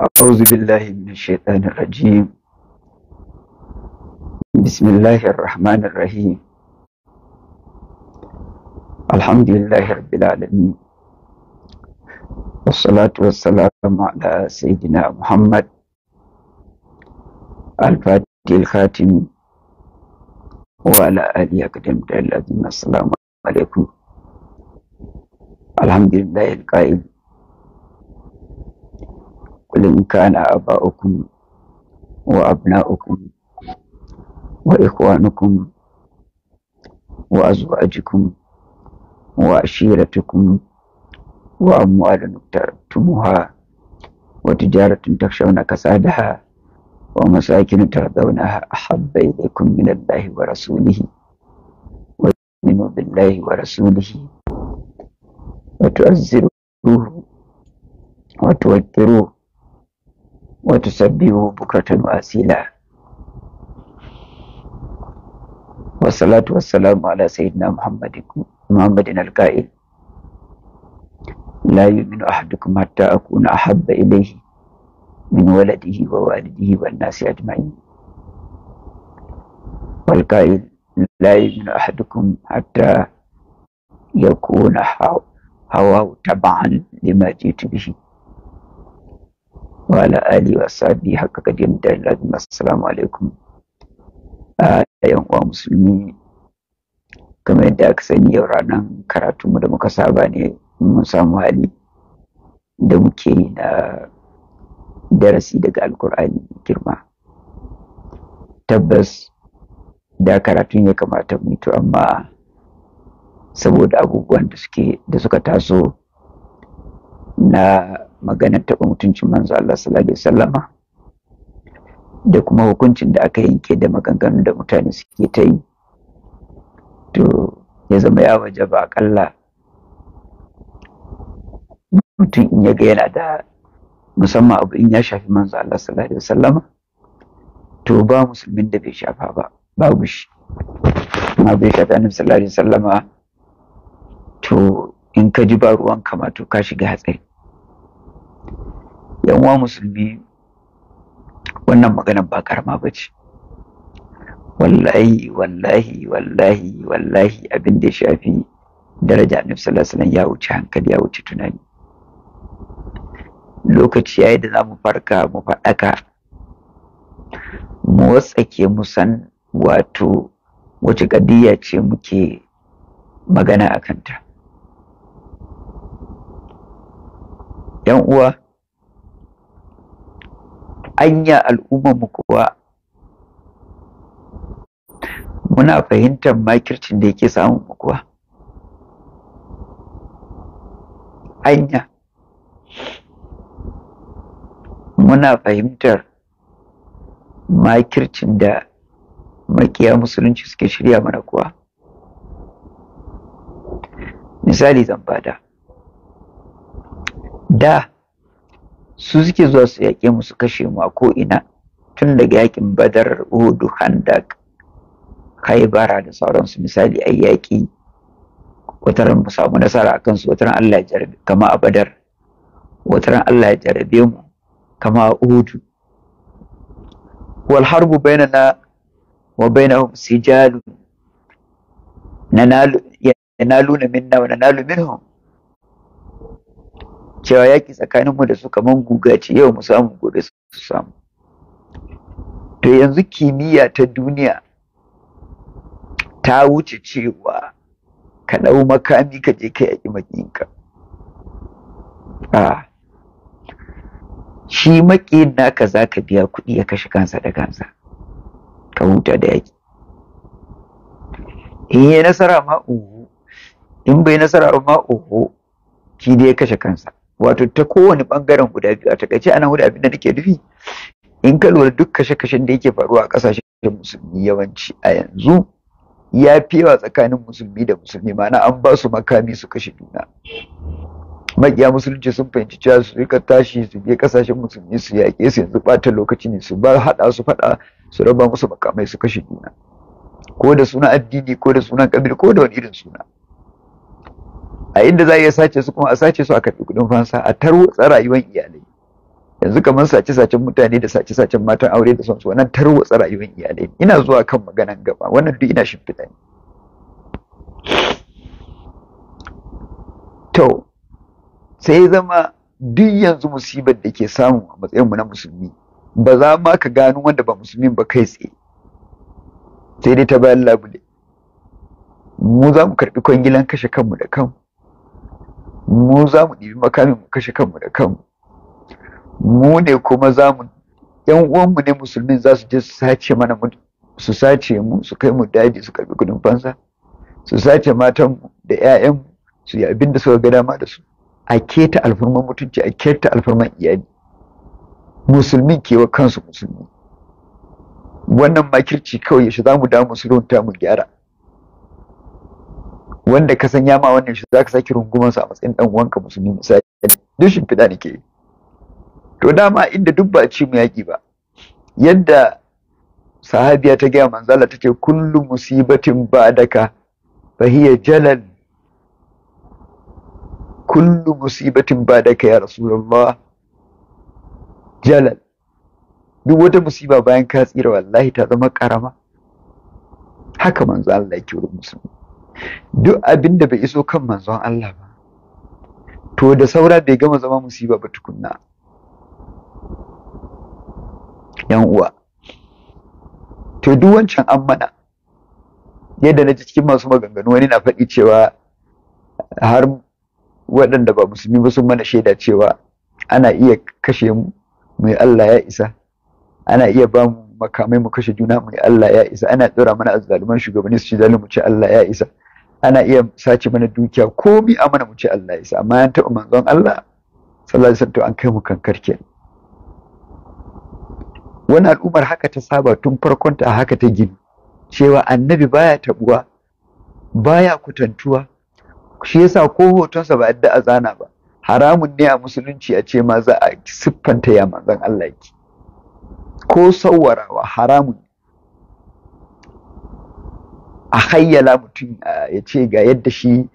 أعوذ بالله من الشيطان الرجيم بسم الله الرحمن الرحيم الحمد لله رب العالمين والصلاة والسلام على سيدنا محمد الفاتح الخاتم وعلى آله أقدم الأذن السلام عليكم الحمد لله القائل قل إن كان آباؤكم وأبناؤكم وإخوانكم وأزواجكم وعشيرتكم وأموال اقترفتموها وتجارة تخشون كسادها ومساكن ترضونها أحب إليكم من الله ورسوله وتؤمنوا بالله ورسوله وتؤزروه وتوكروه وتسبب بكرة وأسيلا والصلاة والسلام على سيدنا محمد محمد القائل لا يؤمن أحدكم حتى أكون أحب إليه من ولده ووالده والناس أجمعين والقائل لا يؤمن أحدكم حتى يكون هواه تبعا لما جئت به wala ali wa sabi haka kadim da lalima assalamu alaikum a yan uwa musulmi kamar yadda aka sani yau ranar karatunmu da muka saba ne mun samu hali da muke yi na darasi daga alkur'ani girma tabbas da karatun ya kamata mu to amma saboda abubuwan da da suka taso na maganar taɓa mutuncin manzo Allah sallallahu alaihi wasallama da kuma hukuncin da aka yanke da maganganun da mutane suke ta yi to ya zama ya waje ba akalla mutum in ya ga yana da musamman abu in ya shafi manzo Allah sallallahu alaihi wasallama to ba musulmin da bai shafa ba babu shi ma bai shafi annabi sallallahu alaihi wasallama to in ka ji ba ruwan kama to ka shiga hatsari yanwa musulmi wannan maganar ba karama ba ce wallahi wallahi wallahi wallahi abin da ya shafi daraja annabi sallallahu ya wuce hankali ya wuce tunani lokaci ya yi da za mu farka mu faɗaka mu watsa mu san wato wace ƙadiyya ce muke magana a kanta. ‘Yan uwa, anya al'ummar mu kuwa muna fahimtar makircin da yake samun mu kuwa anya muna fahimtar makircin da makiya musulunci suke shirya mana kuwa misali zan bada da su suke zuwa su yaƙe mu su kashe mu a ko'ina tun daga yaƙin badar hudu handak haibara da sauransu misali a yaƙi wataran mu samu nasara akan su wataran Allah ya jarabe kama a badar wataran Allah ya jarabe mu kama a uhudu wal harbu bainana wa bainahum sijalu nanalu yanaluna minna wa nanalu minhum cewa yaƙi tsakaninmu da su kamar guga ce yau mu samu gobe su samu to yanzu kimiyya ta duniya ta wuce cewa ka ɗau makami ka je ka yaƙi maƙinka a ah, shi maƙin naka za ka biya kuɗi ya kashe kansa da kansa ka huta da yaƙi in yi nasara ma uhu in bai nasara ma uhu ki dai ya kashe kansa wato ta kowane bangaren guda biyu a takaice ana hudu abin da nake nufi in ka lura duk kashe-kashen da yake faruwa a kasashen musulmi yawanci a yanzu ya fi yawa tsakanin musulmi da musulmi mana an ba su makami su kashe juna makiya musulunci sun fahimci cewa su rika tashi su je kasashen musulmi su yaƙe su yanzu ɓata lokaci ne su ba haɗa su faɗa su raba musu makamai su kashe juna ko da suna addini ko da sunan ƙabil ko da wani irin suna a inda za a iya sace su kuma a sace su a karɓi kuɗin fansa a tarwatsa rayuwar iyalai yanzu kamar sace-sacen mutane da sace-sacen matan aure da sonsu wannan tarwatsa rayuwar iyalai ina zuwa kan maganan gaba wannan duk ina shimfiɗa ne to sai zama duk yanzu musibar da ke samu a matsayinmu na musulmi ba za ma ka gano wanda ba musulmin ba kai tsaye sai dai ta bayan labule mu za mu karɓi kwangilan kashe kanmu da kanmu mu za mu ɗibi makamin mu kashe kanmu da kanmu mu ne kuma za mu yan uwanmu ne musulmin za su je su sace mana su sace mu su kai mu daji su karbi kudin fansa su sace matanmu da 'ya'yanmu su yi abin da suka ga dama da su a keta alfarman mutunci a keta alfarman iyali Musulmin ke wa kansu musulmi wannan makirci kawai yaushe za mu da runta mu gyara wanda ka san yama wannan shi zaka saki rungumar sa a matsayin dan uwanka musulmi misali duk fida nake to dama inda duk ba ci mu yaki ba yadda sahabiya ta gaya manzala ta ce kullu musibatin ba'daka fa hiya jalal kullu musibatin ba'daka ya rasulullah jalal duk wata musiba bayan ka tsira wallahi ta zama karama haka manzo Allah yake wurin musulmi duk abin da bai iso kan manzon Allah ba to da saura bai gama zama musiba ba tukunna yan uwa to duk wancan an mana yadda na ji cikin masu maganganu wani na faɗi cewa har waɗanda ba musulmi ba sun mana shaida cewa ana iya kashe mai Allah ya isa ana iya ba mu makamai mu kashe juna mai Allah ya isa ana tsora mana azzaluman shugabanni su ci zalimu ci Allah ya isa ana iya sace mana dukiya bi a mana mu Allah ya sa amma an taɓa manzon Allah sallallahu alaihi wasallam an kai mu kankar wani al'ummar haka ta saba tun farkon ta haka ta gini cewa annabi baya tabuwa baya kutantuwa shi yasa ko hotonsa ba yadda a zana ba haramun ne a musulunci a ce ma za a siffanta ya manzon Allah ki ko sawwarawa haramun a hayyala mutum ya ce ga yadda shi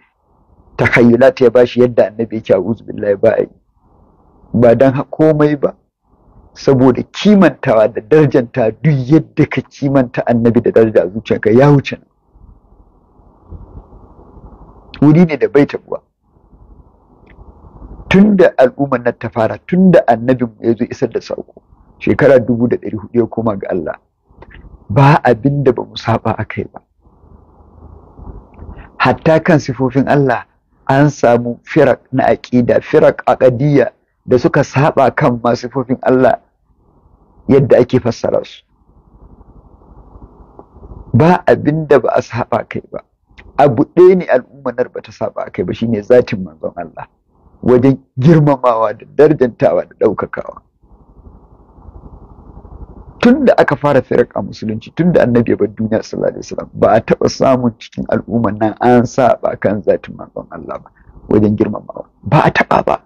ta ya shi yadda annabi yake a billahi ba ba dan komai ba saboda kimantawa da darjanta duk yadda ka kimanta annabi da darja a zuciyarka ya wuce wuri ne da bai tabuwa tun da al'ummar nan ta fara tun da annabin ya zo isar da sauko, shekara dubu da ɗari hudu ya koma ga Allah ba abin da ba mu saba a kai ba hatta kan sifofin Allah an samu firak na aƙida firak aƙadiyya da suka saba kan masu sifofin Allah yadda ake fassara su ba abin da ba a saba kai ba abu ɗaya ne al'ummanar ba ta saba kai ba shine zatin manzon Allah wajen girmamawa da darjantawa da ɗaukakawa tun da aka fara a musulunci tun da annabi ya bar duniya sallallahu alaihi wasallam ba a taba samun cikin al'umman nan an sa ba kan zatin manzon Allah ba wajen girmamawa ba a taba ba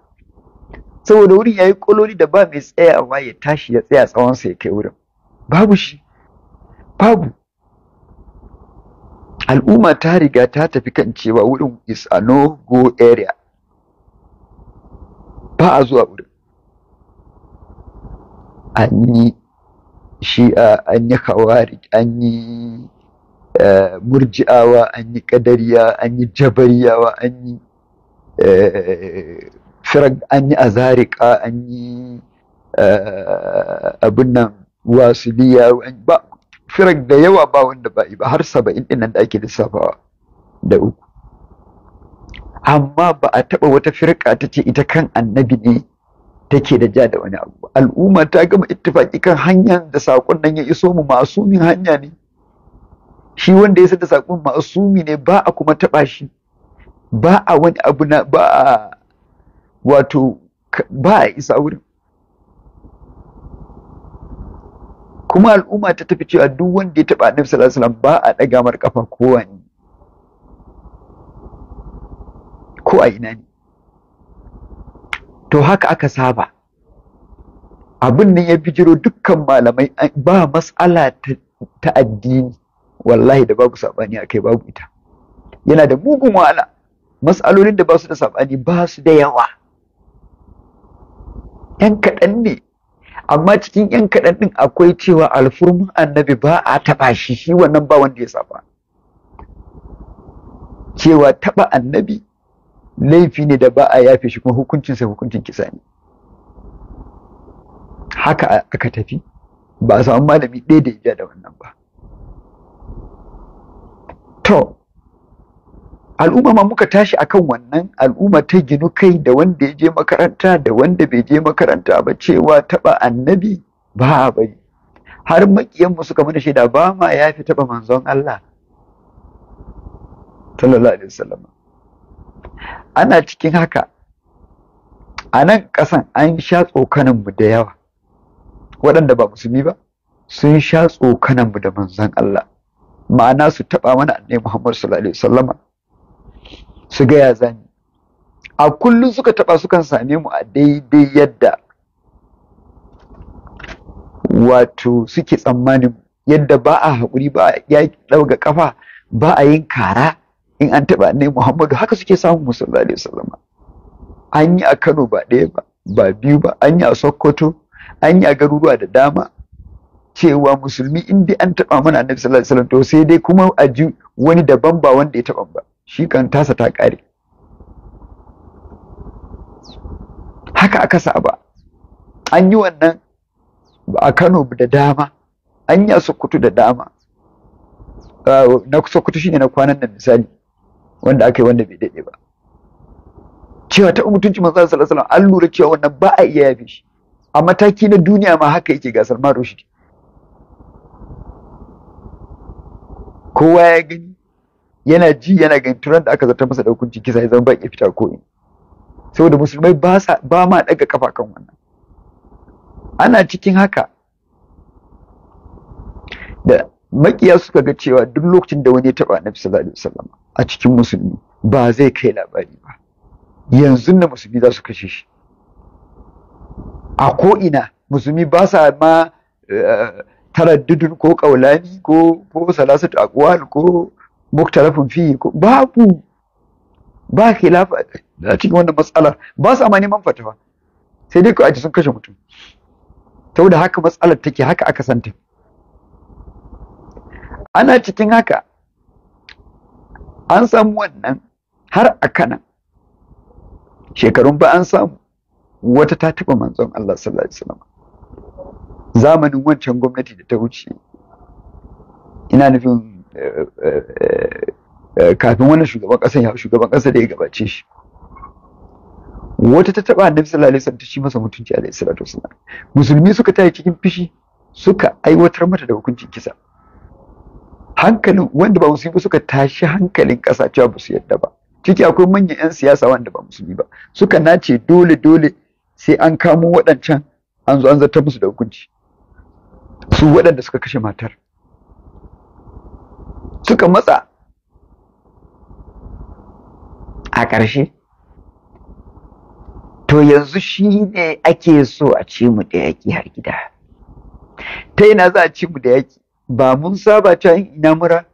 saboda wurin yayi kololi da ba mai tsayawa ya tashi ya tsaya tsawon sa ya kai wurin babu shi babu al'umma ta riga ta tafi kan cewa wurin is a no go area ba a zuwa wurin an yi shi'a an yi khawarij an yi eh, murji'awa an yi kadariya an yi jabariyawa an yi eh, firar an yi an yi eh, abin nan ba firar da yawa ba wanda ba ba har saba'in ɗin da ake lissafawa da uku amma ba a taɓa wata firka ta ce ita kan annabi ne take da ja da wani abu al'umma ta gama ittifaki kan hanyar da saƙon nan ya iso mu masumin hanya ne shi wanda ya sada saƙon masumi ne ba a kuma taɓa shi ba a wani abu na ba a wato ba a isa wurin kuma al'umma ta tafi cewa duk wanda ya taɓa annabi sallallahu alaihi wasallam ba a daga mar kafa kowa ne ko a ina ne to haka aka saba abin nan ya bijiro dukkan malamai ba matsala ta addini wallahi da babu saɓani a kai babu ita yana da mugun wahala matsalolin da ba su da saɓani ba su da yawa ‘yan kaɗan ne amma cikin ‘yan kaɗan ɗin akwai cewa alfurman annabi ba a taɓa shi shi wannan ba wanda ya saba cewa taɓa annabi laifi ne da ba a yafe shi kuma hukuncinsa hukuncin kisa ne haka aka tafi ba a samu malami ɗaya da ya da wannan ba to al'umma ma muka tashi akan wannan al'umma ta ginu kai da wanda ya je makaranta da wanda bai je makaranta ba cewa taba annabi ba a bari har makiyanmu suka mana shaida ba ma ya fi taba manzon Allah sallallahu alaihi wasallam ana cikin haka a nan ƙasan an sha tsokaninmu da yawa waɗanda ba musulmi ba sun sha tsokaninmu da manzan Allah ma'ana su taɓa mana annabi Muhammad sallallahu alaihi wasallama su gaya zani a kullum suka taɓa sukan same mu a daidai yadda wato suke tsammanin yadda ba a haƙuri ba ya ɗauga ƙafa ba a yin kara in an taɓa annabi Muhammadu haka suke samun musulman su zama an yi a Kano ba ɗaya ba ba biyu ba an yi a Sokoto an yi a garuruwa da dama cewa musulmi in dai an taɓa mana annabi sallallahu alaihi wasallam to sai dai kuma a ji wani daban ba wanda ya taɓa ba shi kan tasa ta ƙare haka aka saba an yi wannan a Kano da dama an yi a Sokoto da dama ah, na Sokoto shine na kwanan nan misali wanda aka yi wanda bai daɗe ba cewa ta mutunci manzo sallallahu alaihi wasallam an lura cewa wannan ba a iya yafe shi a mataki na duniya ma haka yake ga Salman rushdi kowa ya gani yana ji yana gani turan da aka zata masa da hukuncin kisa ya zama ba ya fita ko in saboda musulmai ba sa ba ma daga kafa kan wannan ana cikin haka da makiya suka ga cewa duk lokacin da wani ya taba annabi sallallahu alaihi wasallam a cikin musulmi ba zai kai labari ba yanzu na musulmi za su kashe shi a ko'ina musulmi ba sa ma eh, taraddudun ko kaulani ko ko salasatu aqwal ko muktarafin fi ko babu ba khilaf a cikin wannan matsalar ba sa ma neman fatawa sai dai ko sun kashe mutum da haka matsalar take haka aka santa ana cikin haka an samu wannan har a kana shekarun ba an samu wata ta taɓa manzon Allah sallallahu alaihi wasallam zamanin wancan gwamnati da ta wuce ina nufin eh, eh, eh, kafin wannan shugaban ƙasa ya shugaban ƙasa da ya gabace shi wata ta taɓa annabi sallallahu alaihi wasallam ta ci masa mutunci alaihi salatu wasallam musulmi suka tayi cikin fishi suka aiwatar mata da hukuncin kisa hankalin wanda ba musulmi suka tashi hankalin ƙasa cewa ba su yadda ba ciki akwai manyan 'yan siyasa wanda ba musulmi ba suka nace dole dole sai an kamo waɗancan an zo an zartar musu da hukunci su waɗanda suka kashe matar suka matsa a ƙarshe to yanzu shi ne ake so a ce mu da yaƙi har gida ta yana za a ce mu da yaƙi ba mun saba ta yin ina mura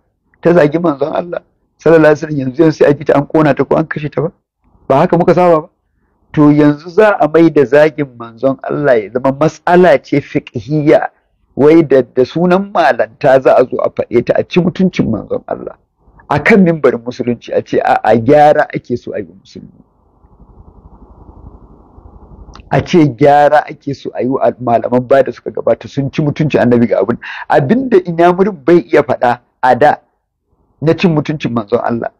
ta zagi manzon Allah sallallahu alaihi wasallam yanzu yanzu sai a ta an kona ta ko an kashe ta ba ba haka muka saba ba to yanzu za a mai da zagin manzon Allah ya zama matsala ce fiqhiyya wai da da sunan malanta za a zo a faɗe ta a ci mutuncin manzon Allah akan minbarin musulunci a ce a gyara ake so a yi musulmi a ce gyara ake so a yi wa malaman baya da suka gabata sun ci mutuncin annabi ga abin abinda inyamurin bai iya faɗa a da na cin mutuncin manzon Allah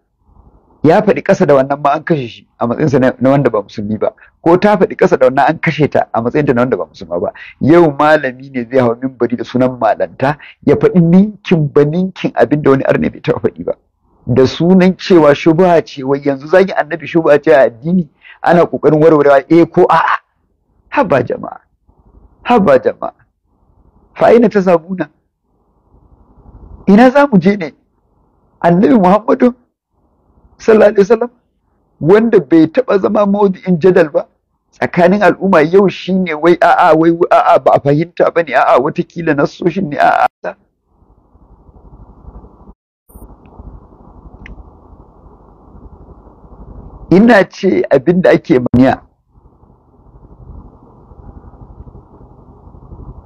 ya faɗi ƙasa da wannan ma an kashe shi a matsayinsa na wanda ba musulmi ba ko ta faɗi ƙasa da wannan an kashe ta a matsayinta na wanda ba musulma ba yau malami ne zai hawa mimbari da sunan malanta ya faɗi ninkin ba ninkin abin da wani arne bai taɓa faɗi ba da sunan cewa shubha ce wai yanzu zagi annabi shubha ce a addini ana ƙoƙarin warwarewa eh ko a'a haba jama'a haba jama'a fa aina ta sabuna ina za mu je ne annabi muhammadu sallallahu alaihi wasallam wanda bai taba zama maudu'in jadal ba tsakanin al'umma yau shine wai a'a wai a'a ba a fahimta ne a'a watakila nasoshin ne a'a ina ce abinda ake maniya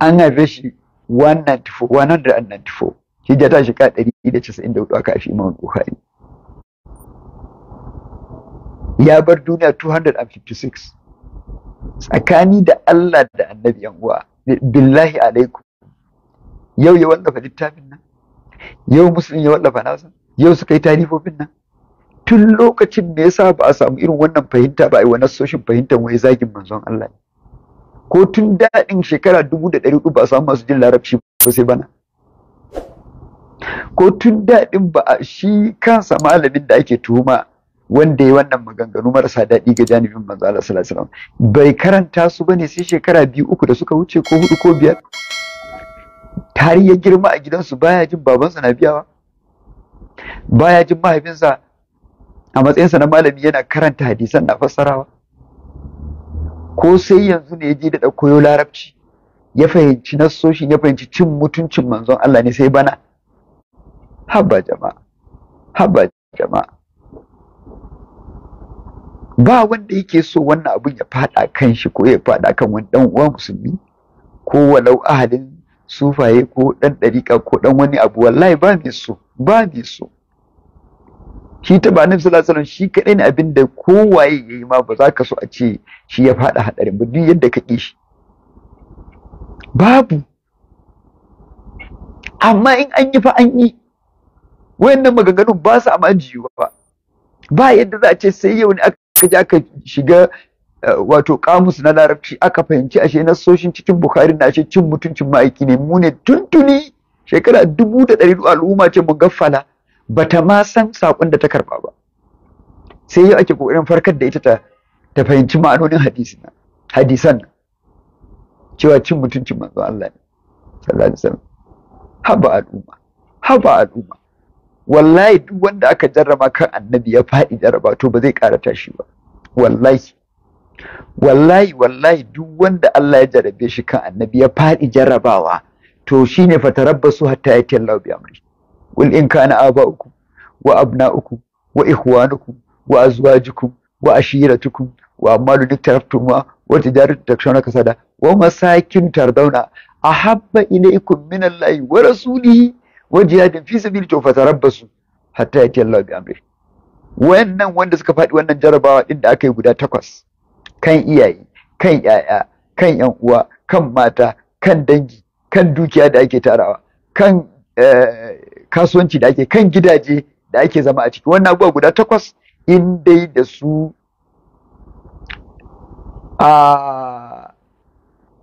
an haife shi 194 hijja ta shekara 194 aka haifi imam bukhari ya bar duniya 256 tsakani da Allah da annabi yanguwa uwa billahi alaikum yau ya wallafa littafin nan yau musulun ya wallafa nasa yau suka yi tarifofin nan tun lokacin da sa ba a samu irin wannan fahimta ba a yi wa nassoshin fahimtar wai zagin manzon Allah ko tun daɗin shekara dubu da ɗari uku ba a samu masu jin larabci ba sai bana ko tun daɗin ba a shi kansa malamin da ake tuhuma wanda ya wannan maganganu marasa daɗi ga janibin manzo Allah sallallahu bai karanta su bane sai shekara biyu uku da suka wuce ko hudu ko biyar tari ya girma a gidansu baya jin babansa na biyawa baya jin mahaifinsa a matsayinsa na malami yana karanta hadisan na fassarawa ko sai yanzu ne ya je da koyo larabci ya fahimci nasoshi, ya fahimci cin mutuncin manzon Allah ne sai bana habba jama'a habba jama'a ba wanda yake so wannan abun ya fada kan shi ko ya fada kan wani dan uwa musulmi ko walau ahalin sufaye ko dan dariƙa ko dan wani abu wallahi ba mai so ba mai so shi ta ba annabi sallallahu alaihi shi kadai ne abin da kowaye yayi ma ba za ka so a ce shi ya fada hadarin ba duk yadda ka kishi. shi babu amma in an yi fa an yi wayannan maganganun ba su amma jiwa ba ba yadda za a ce sai yau ne aka ji aka shiga eh, wato kamus na larabci aka fahimci ashe na soshin cikin bukhari na ashe cin mutuncin ma'aiki ne mu ne tuntuni shekara dubu da ɗari al'umma ce mu gaffala bata ma san sakon da ta karba ba sai yau ake kokarin farkar da ita ta ta fahimci ma'anonin hadisin hadisan cewa cin mutuncin manzo Allah ne sallallahu alaihi wasallam haba al'umma haba al'umma wallahi duk wanda aka jarraba kan annabi ya faɗi jarraba to ba zai ƙara tashi ba wallahi wallahi wallahi duk wanda Allah ya jarrabe shi kan annabi ya faɗi jarrabawa to shine fatarabbasu hatta yati Allah bi amri قل إن كان آباؤكم وأبناؤكم وإخوانكم وأزواجكم وعشيرتكم وأموال اقترفتموها وتجارة تخشون كسادها ومساكن ترضونها أحب إليكم من الله ورسوله وجهاد في سبيله فتربصوا hatta yati Allah bi amri wayannan wanda suka faɗi wannan jarrabawa din da aka yi guda takwas kan iyaye kan yaya kan yan uwa kan mata kan dangi kan dukiya da ake tarawa kan kasuwanci da ake kan gidaje da ake zama a ciki wannan abubuwa guda takwas in dai da su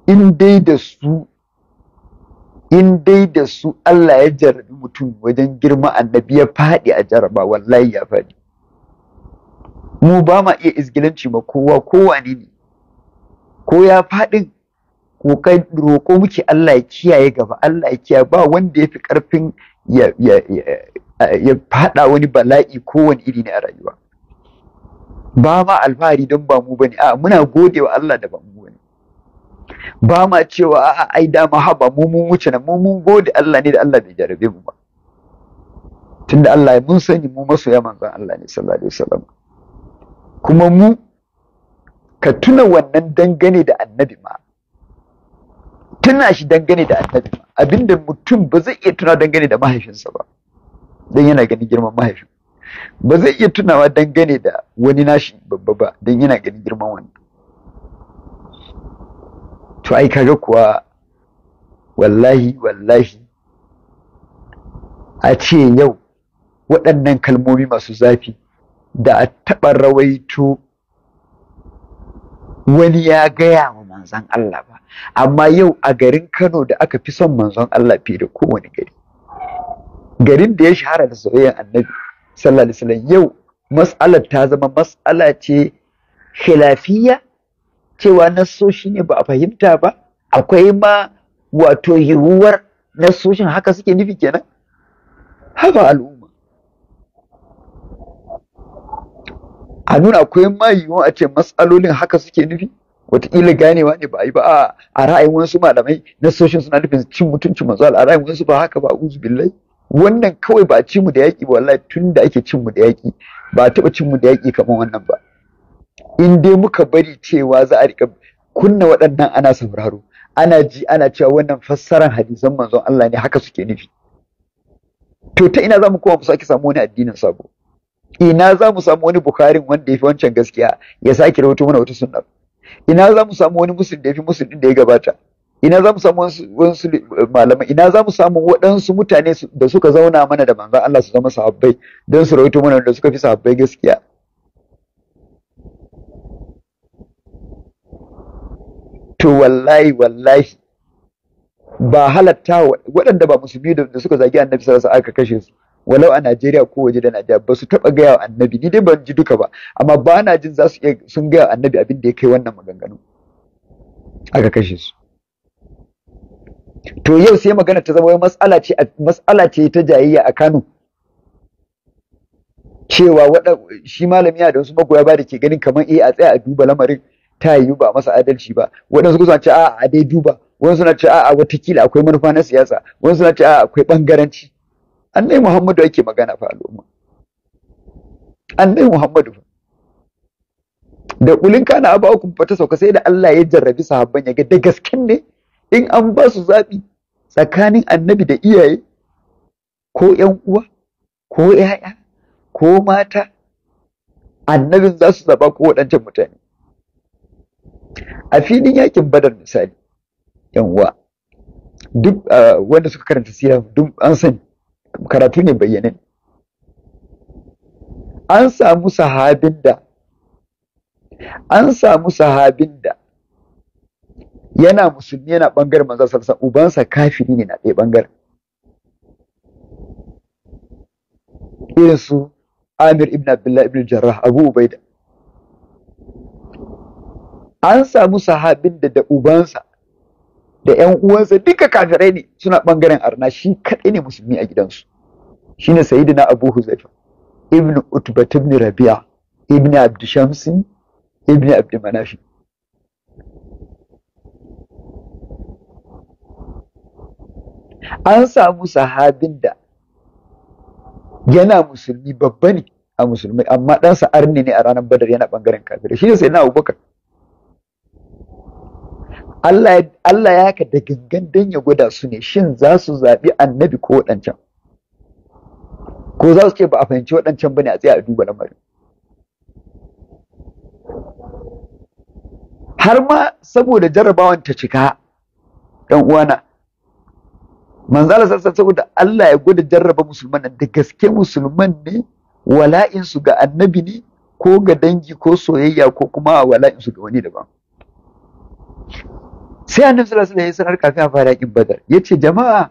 in dai da su in dai da su Allah ya jarabi mutum wajen girma annabi ya faɗi a jaraba wallahi ya faɗi mu ba ma iya izgilanci ma kowa kowa ne ne ko ya faɗin roƙo muke Allah ya kiyaye gaba Allah ya kiyaye ba wanda ya fi ƙarfin ya faɗa wani bala'i kowane iri ne a rayuwa ba ma alfahari don ba mu bane a muna gode wa Allah da ba mu bane ba ma cewa a ai da ma haba mu mun wuce na mu mun gode Allah ne da Allah bai jarabe mu ba tunda Allah mun sani mu masoya manzon Allah ne sallallahu alaihi wasallam kuma mu ka tuna wannan dangane da annabi ma tuna shi dangane da annabi ba abinda mutum ba zai iya tuna dangane da mahaifinsa ba don yana ganin girman mahaifin ba zai iya tunawa dangane da wani nashi babba ba don yana ganin girman wani to ai kaga kuwa wallahi wallahi a ce yau waɗannan kalmomi masu zafi da a taɓa rawaito wani ya gaya manzan Allah ba amma yau a garin Kano da aka fi son manzon Allah fiye da kowane gari garin da ya shahara da soyayyar annabi sallallahu alaihi wasallam yau mas'alar ta zama mas'ala ce khilafiyya cewa shi ne ba a fahimta ba akwai ma wato yiwuwar nassoshin haka suke nufi kenan haba al'umma a nuna akwai ma a ce matsalolin haka suke nufi wataƙila ganewa ne ba a yi ba a ra'ayin wasu malamai na soshin suna nufin cin mutuncin manzo a ra'ayin wasu ba haka ba uzu billahi wannan kawai ba ci mu da yaƙi ba wallahi tun da ake cin mu da yaƙi ba a taɓa cin mu da yaƙi kamar wannan ba in dai muka bari cewa za a riƙa kunna waɗannan ana sauraro ana ji ana cewa wannan fassaran hadisan manzon Allah ne haka suke nufi to ta ina za mu koma mu sake samu wani addinin sabo ina za mu samu wani bukarin wanda ya fi wancan gaskiya ya sake rahoto mana wata sunna ina za mu samu wani musulun da ya fi musulun ɗin da ya gabata ina za mu samu wasu eh, malamai ina za mu samu waɗansu mutane da suka zauna mana da manzan Allah su zama sahabbai don su rawaito mana da suka fi sahabbai gaskiya to wallahi wallahi ba halatta waɗanda ba musulmi da suka zagi annabi sallallahu alaihi wasallam aka kashe su walau a Najeriya ko waje da Najeriya ba su taɓa gaya wa annabi ni dai ban ji duka ba amma ba na jin za su iya sun gaya wa annabi abin da ya kai wannan maganganu aka kashe su to yau sai magana ta zama wai matsala ce matsala ce ta jayayya a Kano cewa wada shi malami ya da wasu magoya ba da ke ganin kamar eh a tsaya a duba lamarin ta yi ba masa adalci ba waɗansu kusa ce a a dai duba wani suna ce a a watakila akwai manufa na siyasa wani suna ce a akwai bangaranci annai muhammadu ake magana fa al'umma annai muhammadu da kulin kana abakum fata sauka sai da Allah ya jarrabi sahabban ya ga da gasken ne in an ba su zabi tsakanin annabi da iyaye ko ƴan uwa ko 'ya'ya, ko mata annabin za su zaba ko waɗancan mutane a filin yakin badar misali yan uwa duk ah, wanda suka karanta siya duk an sani karatu ne bayyane an samu sahabin da an samu sahabin da yana musulmi yana ɓangaren manzon sallallahu ubansa kafiri ne na ɗaya ɓangaren irin su Amir ibn Abdullah ibn Jarrah Abu Ubaida an samu sahabin da da ubansa da ƴan uwansa duka kafirai ne suna ɓangaren arna shi kaɗai ne musulmi a gidansu shine sayyidina Abu Huzaifa ibn Utbat ibn Rabi'a ibn Abd shamsi ibn Abd Manafi. an samu sahabin da yana musulmi babba ne a musulmi amma ɗansa arni ne a ranar badar yana ɓangaren kafirai shine sayyidina Abubakar Allah ya haka da gangan don ya gwada su ne shin za su zaɓi annabi ko waɗancan ko za su ce ba a fahimci waɗancan ba ne a tsaye a duba lamarin har ma saboda jarabawan ta cika ɗan uwana manzala sassa saboda Allah ya gwada jarraba musulman nan da gaske musulman ne wala'insu ga annabi ne ko ga dangi ko soyayya ko kuma wala'insu ga wani daban sai annabi sallallahu alaihi wasallam ya sanar kafin a fara yakin badar ce jama'a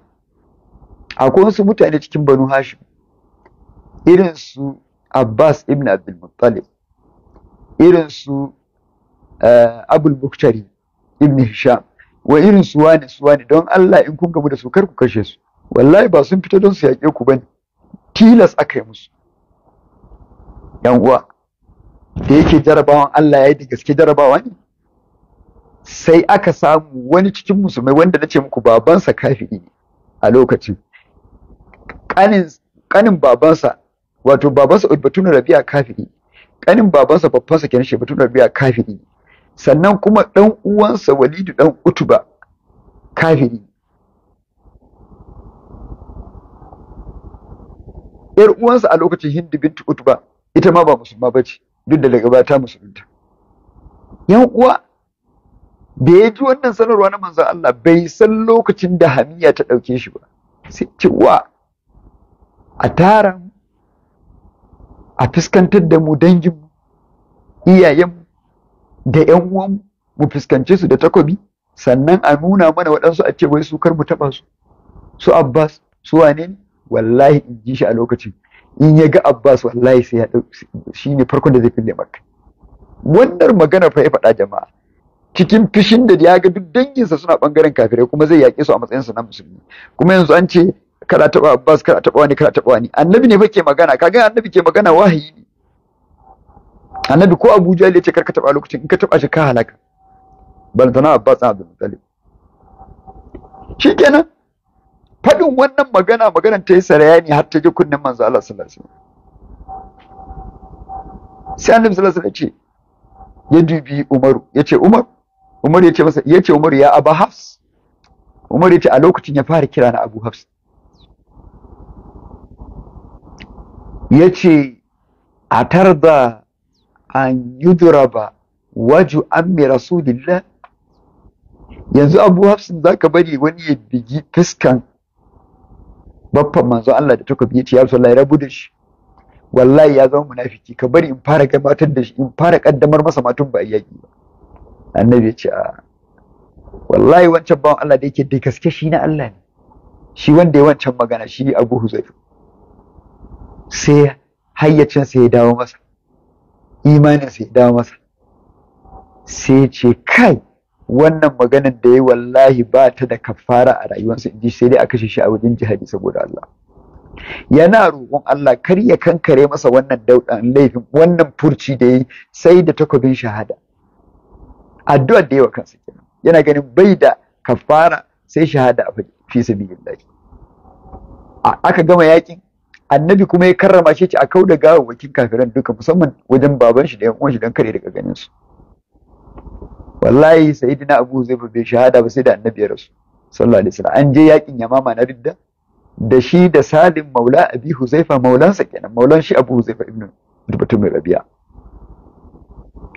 akwai wasu mutane cikin banu hashim irin su abbas ibn abdul muttalib irin su eh, abul buktari ibn hisham wa irin su wane su wane don allah in kun gamu da su kar ku kashe su wallahi ba sun fita don su yaƙe ku bane tilas aka yi musu yan uwa da yake jarabawan allah ya yi da gaske jarabawa ne sai aka samu wani cikin musulmai wanda na ce muku babansa kafiri ne a lokacin kanin babansa wato babansa Utbatun Rabi'a kafiri kanin babansa babbansa kenan Shebatun Rabi'a kafiri sannan kuma ɗan uwansa Walidu ɗan Utuba kafiri yar uwansa a lokacin Hindu bintu Utuba ita ma ba musulma ba ce, duk da daga baya ta musulunta yan uwa da ya ji wannan sanarwa na manzon Allah bai san lokacin da hamiya ta ɗauke shi ba sai ce a tara a fuskantar da mu dangin iyayen da yan uwan mu fuskance su da takobi sannan a nuna mana waɗansu a ce wai su kar mu taɓa su su Abbas su wane ne wallahi in ji shi a lokacin in ya ga Abbas wallahi sai ya shi ne farkon da zai fille maka wannan maganar fa ya faɗa jama'a cikin fishin da ya ga duk danginsa suna bangaren kafirai kuma zai yaƙe su a matsayinsa na musulmi kuma yanzu an ce kada taɓa Abbas kada taɓa wani kada taɓa wani annabi ne fa ke magana kaga annabi ke magana wahayi ne annabi ko Abu Jahl ya ce karka taɓa lokacin in ka taɓa shi ka halaka tana Abbas na Abdul Muttalib shikenan faɗin wannan magana maganar ta yi saraya ne har ta ji kunnen manzo Allah sallallahu alaihi wasallam sai annabi sallallahu alaihi wasallam ya ce ya dubi Umaru ya ce Umaru Umar ya ce masa ya ce Umar ya Abu Hafs Umar ya ce a lokacin ya fara kira na Abu Hafs ya ce a tarda an yuduraba waju ammi rasulillah yanzu Abu Hafs ka bari wani ya bigi fiskan baffan manzo Allah da takobi ya ce ya Rasulullahi rabu da shi wallahi ya zama munafiki ka bari in fara gabatar da shi in fara kaddamar masa matun ba a yaki ba annabi ce a ah, wallahi wancan bawan Allah da yake da gaske shi na Allah ne shi wanda ya wancan magana shi Abu Huzaifa sai hayyacinsa ya dawo masa imaninsa ya dawo masa sai ce kai wannan maganar da ya wallahi ba ta da kafara a rayuwarsa inji ji sai dai a kashe shi a wajen jihadi saboda Allah yana roƙon Allah kar ya kankare masa wannan daudan laifin wannan furci da yi sai da takobin shahada addu'ar da yawa kansa kenan yana ganin bai da kafara sai shahada a fi sabilillah aka gama yakin annabi kuma ya karrama shi ce a kau da gawawwakin kafiran duka musamman wajen baban shi da yan uwan shi don kare daga ganin su wallahi sayyidina abu zai bai shahada ba sai da annabi ya rasu sallallahu alaihi wasallam an je yakin yamama na ridda da shi da salim maula abi huzaifa maulansa kenan maulan shi abu huzaifa Ibnu, dubatun mai rabiya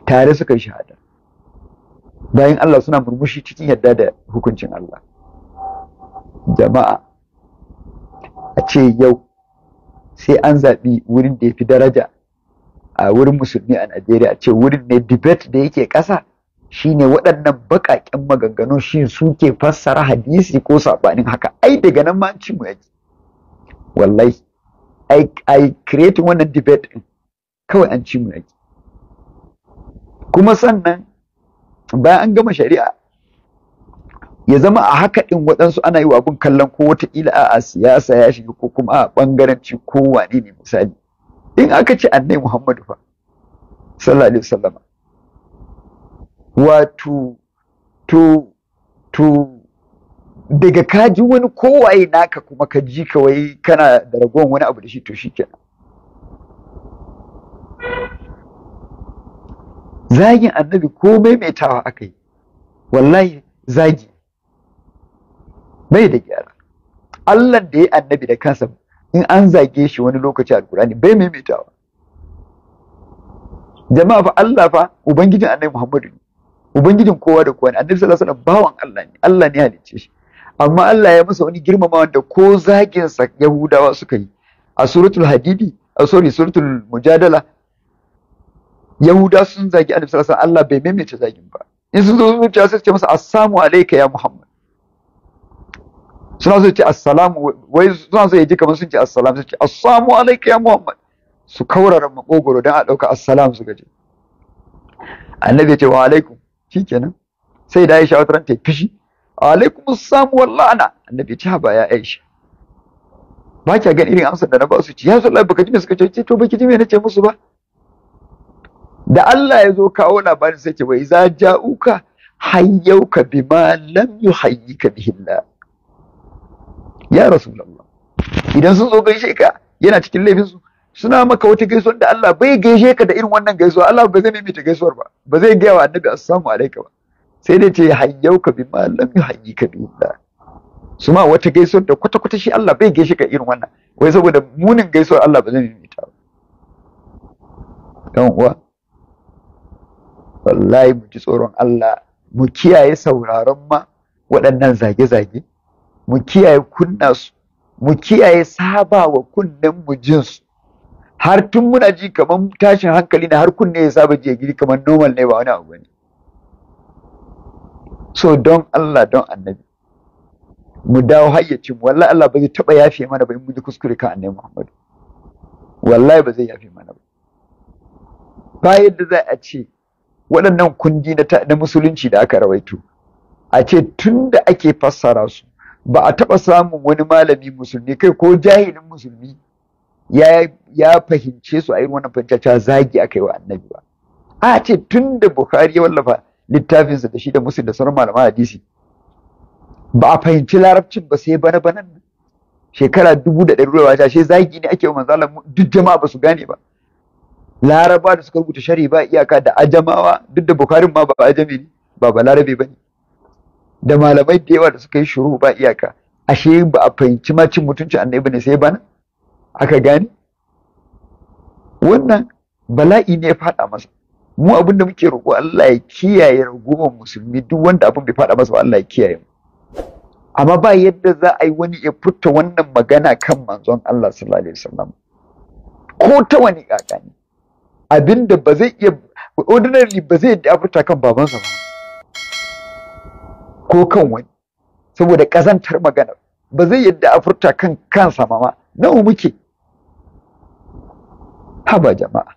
tare suka yi shahada bayan Allah suna murmushi cikin yadda da hukuncin Allah jama'a a ce yau sai an zaɓi wurin da ya fi daraja a wurin musulmi a Najeriya a ce wurin ne debate da yake ƙasa shine waɗannan baƙaƙen maganganu shi suke fassara hadisi ko saɓanin haka ai daga nan ma ci mu yake wallahi ai ai creating wannan debate kawai an ci mu yake kuma sannan bayan an gama shari'a ya zama a haka ɗin waɗansu ana yi abin kallon ko wata ila a siyasa ya shiga ko kuma a ɓangaranci ko wane ne misali in aka ce annai muhammadu fa sallallahu alaihi wasallam wato to to daga kaji wani kowaye naka kuma ka ji kawai kana da ragon wani abu da shi to shi kenan zagin annabi ko maimaitawa aka yi wallahi zagi bai da gyara Allah da ya annabi da kansa in an zage shi wani lokaci a Qur'ani bai maimaitawa jama'a fa Allah fa ubangijin annabi Muhammadu ne ubangijin kowa da kowa ne annabi sallallahu alaihi wasallam bawan Allah ne Allah ne halicce shi amma Allah ya masa wani girmama wanda ko zagin sa Yahudawa suka yi a suratul hadidi a sorry suratul mujadala yahuda sun zagi annabi sallallahu alaihi Allah bai maimaita zagin ba in sun zo zuciya sai su ce masa assalamu alayka ya muhammad suna so ce assalamu wai suna so ya ji kamar sun ce assalamu sun ce assalamu alayka ya muhammad su kaurara makogoro don a ɗauka assalamu su gaje annabi ya ce wa alaikum shikenan sai da Aisha wata ran ta fishi alaikum assalam wallana annabi ya ce ba ya Aisha ba kya ga irin amsar da na ba su ci ya sallah baka ji me suka ce to baki ji me nace musu ba da Allah ya zo kawo labarin sai ce wai za ja'uka hayyauka ma lam ka bihi Allah ya rasulullah idan sun zo gaishe ka yana cikin laifin su suna maka wata gaisuwar da Allah bai gaishe ka da irin wannan gaisuwa Allah ba zai mimita gaisuwar ba ba zai gaya wa annabi assalamu alaikum ba sai dai ce hayyauka ma lam yuhayyika bihi Allah su ma wata gaisuwar da kwata kwata shi Allah bai gaishe ka irin wannan wai saboda munin gaisuwar Allah ba zai mimita ba yan uwa wallahi mu ji tsoron Allah mu kiyaye sauraron ma waɗannan zage-zage mu kiyaye kunna su mu kiyaye saba wa kunnen mu jin su har tun muna ji kamar tashin hankali na har kunne ya saba ji gidi kamar normal ne ba wani abu ne so don Allah don annabi mu dawo hayyacin mu wallahi Allah ba zai taba yafe mana ba in mu ji kuskure kan annabi Muhammad wallahi ba zai yafe mana ba ba yadda za a ce waɗannan kundi na musulunci da aka rawaito a ce tun da ake fassara su ba a taɓa samun wani malami musulmi kai ko jahilin musulmi ya fahimce su a yi wannan fahimta zagi a kai wa annabi ba a ce tun da bukhari ya wallafa littafinsa da shi da musulun da sauran malaman hadisi ba a fahimci larabcin ba sai bana banan shekara dubu da ɗari ruwa ta shi zagi ne ake wa manzala duk jama'a ba su gane ba laraba da suka rubuta shari ba iyaka da ajamawa duk da bukarin ma ba ajami ne ba ba larabe ba ne da malamai da yawa da suka yi shuru ba iyaka ashe ba a fahimci ma cin mutunci annabi ne sai bana aka gane wannan bala'i ne ya faɗa masa mu abin da muke roƙo Allah ya kiyaye ragowar musulmi duk wanda abin bai faɗa masa ba Allah ya kiyaye mu amma ba yadda za a yi wani ya furta wannan magana kan manzon Allah sallallahu alaihi wasallam ko ta wani kaka abinda ba zai iya ordinary ba zai iya furta kan babansa ba ko kan wani saboda ƙazantar magana ba zai yadda a furta kan kansa mama nawa muke haba jama'a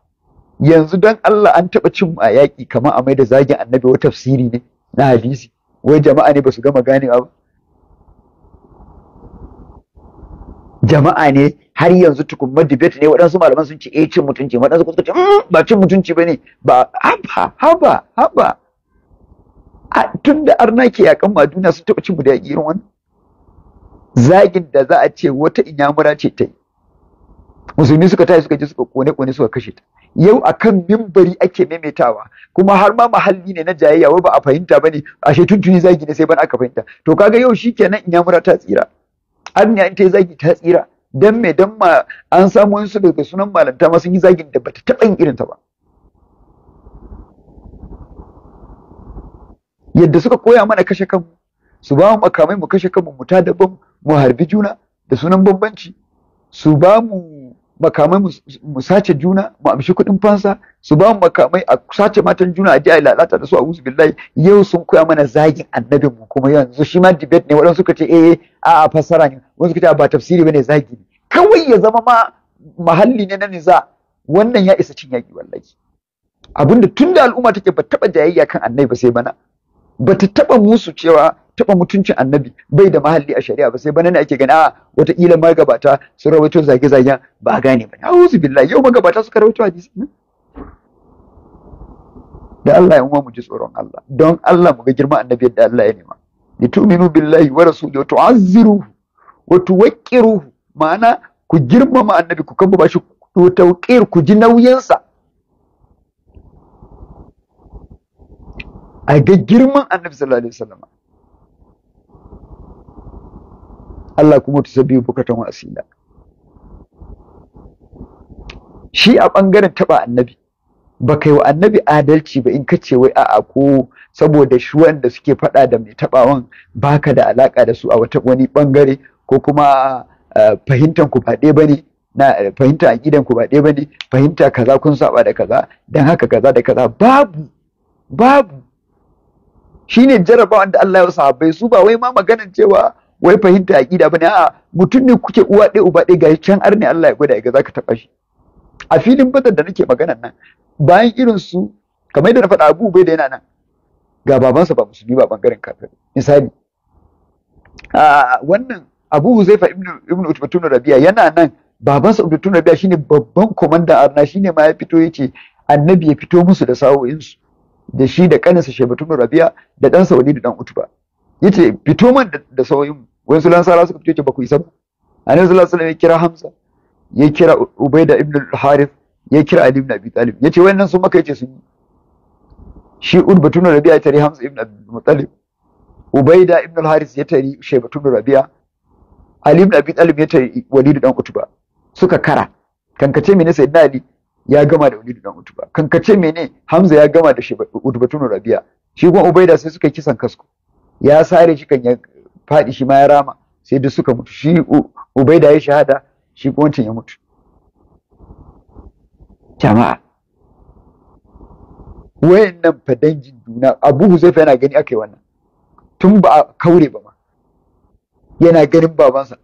yanzu don Allah an taɓa cin a yaƙi kamar a mai da zagin annabi wa tafsiri ne na hadisi wai jama'a ne ba su gama ganewa ba jama'a ne har yanzu tukumma debate ne waɗansu malaman sun ce eh cin mutunci waɗansu kuma suka ce hmm, ba cin mutunci bane ba haba haba haba a tun da arna ke yakan maduna sun taɓa cin mu da yaƙi irin wannan zagin da za a ce wata inyamura ce ta yi musulmi suka tashi suka je suka kone kone suka kashe ta yau akan mimbari ake maimaitawa kuma har ma mahalli ne na jayayya wai ba a fahimta bane ashe tuntuni zagi ne sai ban aka fahimta to kaga yau shikenan inyamura ta tsira arniya in ta yi zagi ta tsira dan me dan ma an samu wasu daga sunan malanta ma sun yi zagin da bata taɓa yin irin ta ba yadda suka koya mana kashe kanmu su ba mu makamai mu kashe kanmu mu ta daban mu harbi juna da sunan bambanci su ba mu makamai mu sace juna mu amshi kuɗin fansa su ba mu makamai a sace matan juna a ji a lalata da su a wusu billahi yau sun koya mana zagin annabin mu kuma yanzu shi ma debate ne waɗansu suka ce eh, eh a a fassara ne wani suka ce ba tafsiri bane zagi ne kawai ya zama ma mahalli ne na niza wannan ya isa cin yaki wallahi abinda tunda al'umma take ba taɓa jayayya kan annabi ba sai bana ba ta taɓa musu cewa taɓa mutuncin annabi bai da mahalli a shari'a ba sai bana ne ake gani a wataƙila magabata su rawaito zage-zagen ba a gane ba a'udhu billahi yau magabata suka rawaito hadisi hmm? da Allah ya mu ji tsoron Allah don Allah mu ga girman annabi yadda Allah ya nema Ni tu'minu billahi wa rasuli wa tu'azziruhu wa tuwaqqiruhu ma'ana ku girmama annabi ku kamba bashi ku tawqir ku ji nauyinsa a ga girman annabi sallallahu alaihi wasallam Allah kuma tusabbihu bukatan wa wasila shi a ɓangaren taba annabi ba kai wa annabi adalci ba in kace wai a'a ko saboda shi wanda suke faɗa da mai tabawan baka da alaka da su a wata wani bangare ko kuma eh, fahimtar ku ba ɗaya bane na eh, fahimta gidan ku ba ɗaya bane fahimta kaza kun saba da kaza dan haka kaza da kaza babu babu shine jarabawan da Allah ya sahabbai su ba wai ma maganan cewa wai fahimta ba bane a'a mutum ne kuke uwa ɗaya uba ɗaya gashi can arni Allah ya gwada ga zaka taɓa shi a filin badar da nake magana nan bayan irin su kamar yadda na faɗa Abu bai da yana nan ga babansa ba musulmi ba bangaren kafin misali a wannan Abu Huzaifa ibn ibn Utbatun Rabi'a yana nan babansa Utbatun Rabi'a shine babban komandan arna shine ma ya fito yace annabi ya fito musu da sawo'insu da shi da sa Shaibatun Rabi'a da ɗansa walidu dan Utba yace fito man da mu. wayansu lansara suka fito ce ba ku isa ba annabi sallallahu alaihi wasallam ya kira hamza ya kira ubaida ibn al-harith ya kira ali ibn abi talib yace wayannan sun maka yace sun yi shi urbatun rabi'a tare hamza ibn abi mutalib ubaida ibn al-harith ya tare batun rabi'a ali ibn abi talib ya tare walid dan utba suka kara kankace mene sai ali ya gama da walid dan utba kankace mene hamza ya gama da batun rabi'a shi kuma ubaida sai suka kisan kasko ya sare shi kan faɗi shi ma ya rama sai duk suka mutu shi ubai da ya shahada shi ko wancan ya mutu jama'a wayannan fadangin juna abu huzaifa yana gani aka yi wannan tun ba a kaure ba ma yana ganin babansa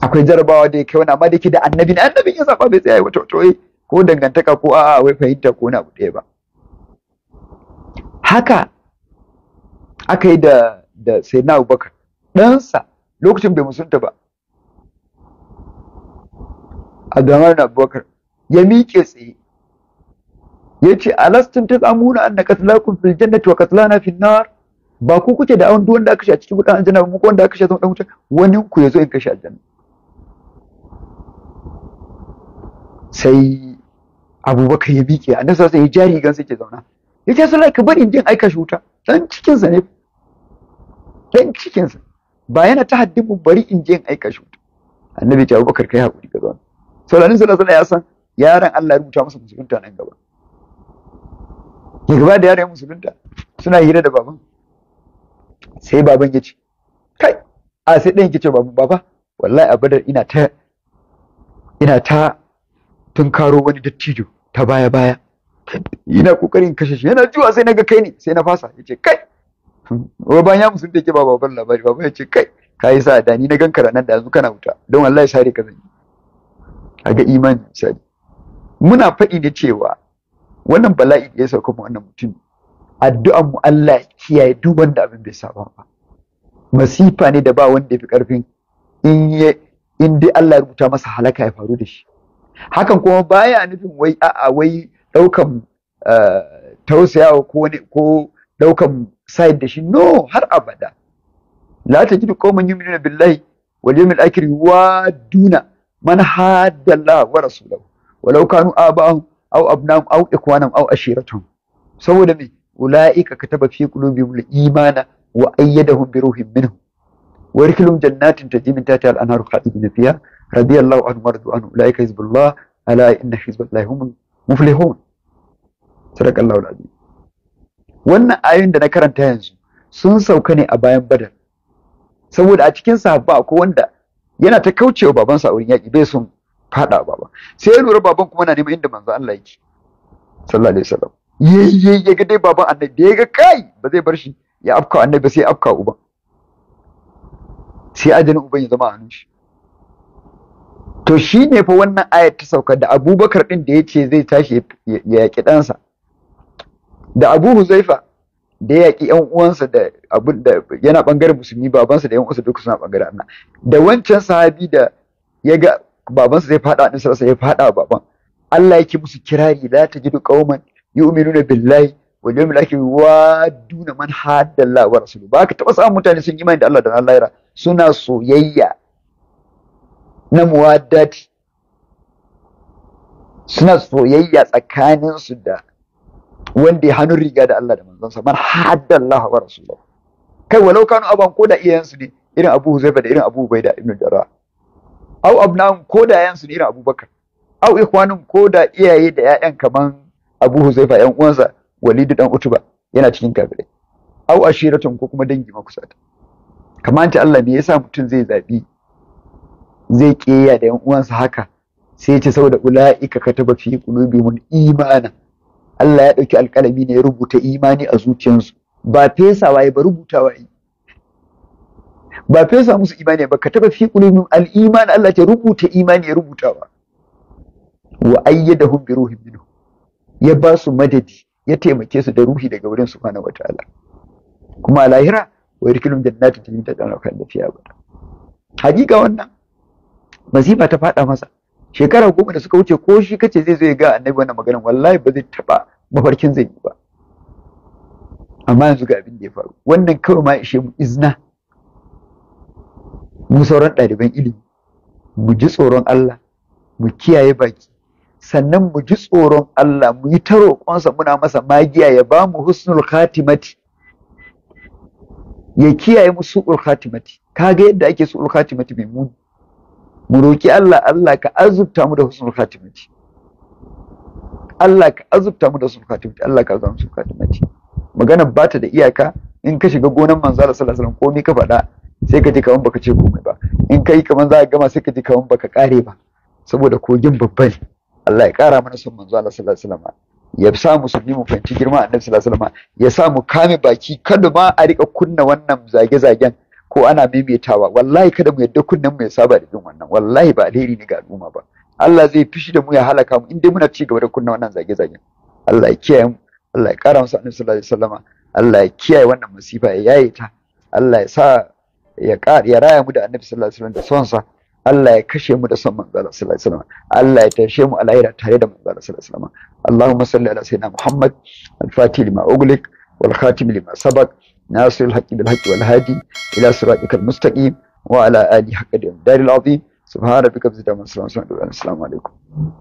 akwai jarabawa da ya kai wani amma da ke da na annabin ya zaba bai tsaye wata wata ko dangantaka ko a'a wai fahimta ko na abu ɗaya ba haka aka yi da da sai na abubakar ɗansa lokacin bai musunta ba na abubakar ya miƙe tsaye ya ce alastin ta tsamuna an na katlakum fil jannati wa katlana fil nar ba ku kuke da awon duwanda aka shi a cikin gudan aljanna muku wanda aka shi zama dan wuta wani ku ya zo in kashi aljanna sai abubakar ya miƙe annabi sai ya jari gan sai ke zauna ya ce sai ka bari in jin aika shi wuta dan cikin sa ne Ɗan cikinsa ba yana ta haddin mu bari in je in aika shi annabi ce abubakar kai hakuri ka zauna sauranin sallallahu alaihi ya san yaran Allah ya rubuta masa musulunta nan gaba ya gaba da yaran musulunta suna hira da baban sai baban ya ce kai a sai ɗan ce baban baba wallahi a badar ina ta ina ta tunkaro wani dattijo ta baya baya ina kokarin kashe shi yana zuwa sai na ga kai ne sai na fasa yace kai karatu wai bayan ya musulunta yake ba babban labari ba ya ce kai ka yi sa da ni na gan ranar da yanzu kana wuta don Allah ya share ka zanyi ga imani sai muna faɗi da cewa wannan bala'i da ya sauka mu wannan mutum addu'an mu Allah ya kiyaye duk wanda abin bai saba ba masifa ne da ba wanda ya fi karfin in ya in dai Allah ya rubuta masa halaka ya faru da shi hakan kuma baya nufin wai a'a wai daukan eh, tausayawa ko ko daukan سايد دشي نو هر أبدا لا تجد قوما يؤمنون بالله واليوم الآخر يوادون من حاد الله ورسوله ولو كانوا آباهم أو أبنائهم أو إخوانهم أو أشيرتهم سووا لمن أولئك كتب في قلوبهم الإيمان وأيدهم بروح منه ويركلهم جنات تجري من تحتها الأنهار خالدين فيها رضي الله عنهم ورضوا عنه أولئك حزب الله ألا إن حزب الله هم المفلحون صدق الله العظيم wannan ayoyin da na karanta yanzu sun sauka ne a bayan badar saboda a cikin sahabba akwai wanda yana ta kaucewa babansa sa wurin yaƙi bai sun faɗa baba sai ya lura baban kuma na neman inda manzo Allah yake sallallahu alaihi wasallam yayi ya ga dai baban annabi da ya ga kai ba zai bar shi ya afka annabi sai afka uban sai ajalin uban ya zama a hannun shi to shi ne fa wannan ayat ta sauka da abubakar ɗin da ya ce zai tashi ya yaƙi ɗansa da Abu Huzaifa da ya yaƙi ƴan uwansa da abu da yana bangaren musulmi babansa da ƴan uwansa duka suna bangaren Allah da wancan sahabi da ya ga babansa zai faɗa din sarsa ya faɗa baban Allah yake musu kirari la tajidu qauman yu'minuna billahi wal yawmil akhir wa duna man hadda Allah wa rasuluhu ba ka taɓa samun mutane sun imani da Allah da Allah yara suna soyayya na muwaddati suna soyayya tsakaninsu da wanda ya hannun riga da Allah da manzansa man hadda Allah wa rasulahu kai walau kanu aban ko da iyayensu ne irin Abu Huzaifa da irin Abu Ubaida ibn Jarrah au abnan ko da iyayensu ne irin Abu Bakar au ikwanin ko da iyaye da ƴaƴan kaman Abu Huzaifa ƴan uwansa Walid dan Utuba yana cikin kafirai au ashiratun ko kuma dangi makusata kamar ta Allah me yasa mutum zai zabi zai ƙeya da ƴan uwansa haka sai ya ce saboda ula'ika kataba fi qulubihimul imana Allah ya ɗauki alƙalami ne ya rubuta imani a zuciyarsu ba fesa waye ba rubuta waye ba fesa musu imani ba ka taba fi qulubihim al-iman Allah ta rubuta imani ya rubuta ba wa ayyadahum bi ruhin minhu ya ba su madadi ya taimake su da ruhi daga wurin su subhanahu wataala kuma lahira wa yarkulum jannatin ta min tahtiha da fiya ba hakika wannan masifa ta faɗa masa shekara goma da suka wuce ko shi kace zai zo ya ga annabi wannan magana wallahi ba zai taba mafarkin zai yi ba amma yanzu ga abin da ya faru wannan kawai ma ishe mu izna mu sauran ɗaliban ilimi mu ji tsoron Allah mu kiyaye baki sannan mu ji tsoron Allah mu yi ta roƙonsa muna masa magiya ya ba mu husnul khatimati ya kiyaye mu su'ul khatimati kaga yadda ake su'ul khatimati mai muni mu roki Allah Allah ka azubta mu da husnul khatimati Allah ka azubta mu da husnul khatimati Allah ka azubta mu da husnul khatimati magana ba ta da iyaka in ka shiga gonan manzo Allah sallallahu alaihi wasallam komai ka faɗa sai ka ji kaman baka ce komai ba in kai kaman za ka gama sai ka ji kaman baka kare ba saboda kogin babba ne Allah ya kara mana son manzo Allah sallallahu alaihi wasallam ya sa mu sunni mu fahimci girma annabi sallallahu alaihi wasallam ya sa mu kame baki kada ma a rika kunna wannan zage-zagen ko ana maimaitawa wallahi kada mu yadda kunnen mu ya saba da jin wannan wallahi ba alheri ne ga al'umma ba Allah zai fishi da mu ya halaka mu inda muna ci gaba da kunna wannan zage-zage Allah ya kiyaye mu Allah ya kara musu annabi sallallahu alaihi wasallama Allah ya kiyaye wannan musiba ya yaye ta Allah ya sa ya ya raya mu da annabi sallallahu alaihi wasallam da sonsa sa Allah ya kashe mu da son manzo sallallahu alaihi wasallam Allah ya tashe mu alahira tare da manzo sallallahu alaihi wasallam Allahumma salli ala sayyidina Muhammad al-Fatih lima ughliq wal khatim lima sabaq ناصر الحق بالحق والهادي إلى صراطك المستقيم وعلى آله حق الدار العظيم سبحان ربك بزد من السلام عليكم